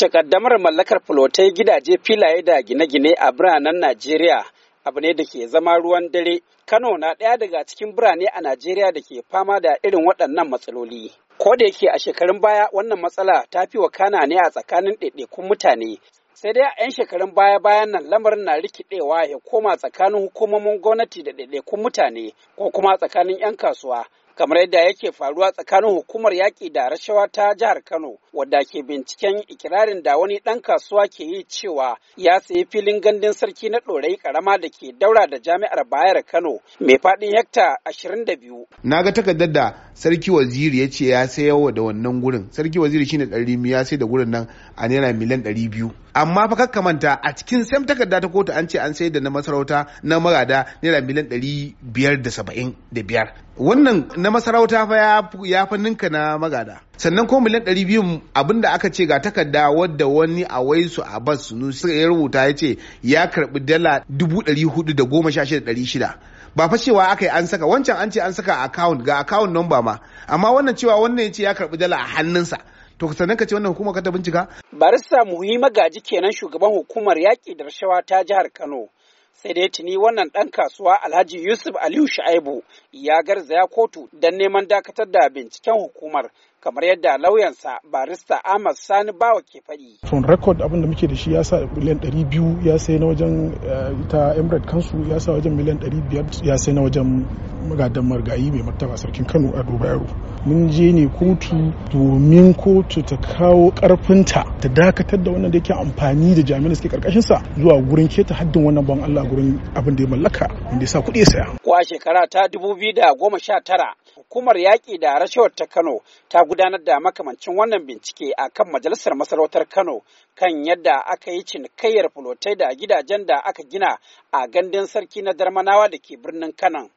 Takaddamar mallakar fulotai gidaje filaye da gine-gine a biranen Najeriya abu ne da ke zama ruwan dare. Kano na ɗaya daga cikin birane a Najeriya da ke fama da irin waɗannan matsaloli. Ko da yake a shekarun baya wannan matsala ta fi wakana ne a tsakanin ɗaiɗaikun mutane. Sai dai a 'yan shekarun baya-bayan nan lamarin na rikidewa ya koma tsakanin hukumomin gwamnati da ɗaiɗaikun mutane ko kuma tsakanin 'yan kasuwa kamar yadda yake faruwa tsakanin hukumar yaƙi da rashawa ta jihar Kano wadda ke binciken ikirarin da wani ɗan kasuwa ke yi cewa ya sayi filin gandun sarki na ɗorai ƙarama da ke daura da jami'ar Bayar Kano mai faɗin hekta 22. Na ga takardar da sarki waziri ya ce ya sayawa da wannan gurin. Sarki waziri shine ɗan ya sai da gurin nan a naira miliyan 200. amma fa manta a cikin sam takarda ta kotu an ce an sayar da na masarauta na marada naira miliyan ɗari biyar da saba'in da biyar wannan na masarauta fa ya fa ninka na magada sannan ko miliyan ɗari biyu abinda aka ce ga takarda wadda wani a waisu a bas suka ya rubuta ya ce ya karɓi dala dubu ɗari hudu da goma sha shida ɗari shida ba fa cewa aka yi an saka wancan an ce an saka account ga account number ma amma wannan cewa wannan ya ce ya karɓi dala a hannunsa to sannan ka ce wannan hukumar ka ta bincika barista muhimmi magaji kenan shugaban hukumar yaƙi da rashawa ta jihar Kano sai dai tuni wannan ɗan kasuwa Alhaji Yusuf Aliyu sha'ibu ya garzaya kotu don neman dakatar da binciken hukumar kamar yadda lauyansa barista Ahmad Sani Bawa ke faɗi. Tun rekod abinda muke da shi ya sa miliyan 200 ya sai na wajen eh, ta Emirate kansu ya sa wajen miliyan 500 ya sai na wajen magadan margayi mai martaba sarkin kano a dubaru mun je ne kotu domin kotu ta kawo karfinta ta dakatar da wannan da yake amfani da jami'an da suke karkashinsa zuwa gurin keta haddin wannan ban allah gurin abin da ya mallaka wanda ya sa kuɗi ya saya ko shekara ta dubu biyu da goma sha tara hukumar yaƙi da rashawar ta kano ta gudanar da makamancin wannan bincike a kan majalisar masarautar kano kan yadda aka yi cinikayyar fulotai da gidajen da aka gina a gandun sarki na darmanawa da ke birnin kanan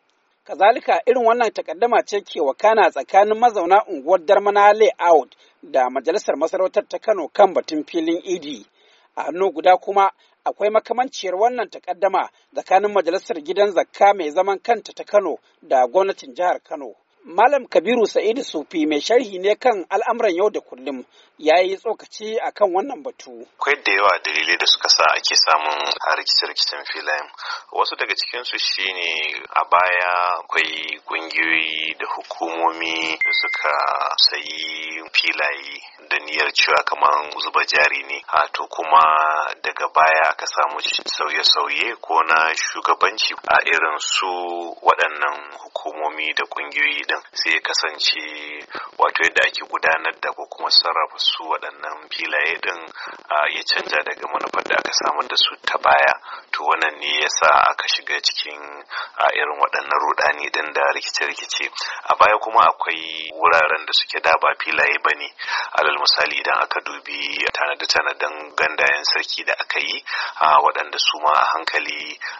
Kazalika irin wannan takaddama ce ke wakana tsakanin mazauna unguwar Darmana Layout da Majalisar Masarautar ta Kano kan batun filin idi. A hannu guda kuma akwai makamanciyar wannan takaddama tsakanin Majalisar Gidan Zakka mai zaman kanta ta Kano da gwamnatin jihar Kano. Malam Kabiru Sa'idu Sufi mai sharhi ne kan al'amuran yau da kullum ya yi tsokaci a kan wannan batu. Akwai da yawa dalilai da suka sa ake samun a rikice-rikicen filayen. Wasu daga cikinsu shi ne a baya akwai ƙungiyoyi da hukumomi da suka sayi filaye da niyyar cewa kamar zuba jari ne to kuma daga baya aka samu sauye-sauye ko na shugabanci a irin su waɗannan hukumomi da ƙungiyoyi din sai kasance wato yadda ake gudanar da ko kuma sarrafa su waɗannan filaye din ya canja daga manufar da aka samar da su ta baya to wannan ne ya sa aka shiga cikin a irin waɗannan rudani din da rikice-rikice a baya kuma akwai wuraren da suke da ba filaye bane alal misali idan aka dubi tanada-tanada. dan gandayen sarki da aka yi a waɗanda su ma a hankali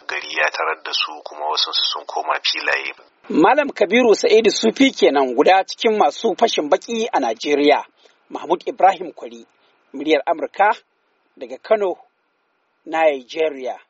gari ya tarar da su kuma wasu sun koma filaye. Malam Kabiru Sa'idu Sufi kenan guda cikin masu fashin baki a Najeriya. Mahmud Ibrahim Kwari, muryar Amurka daga Kano, Nigeria.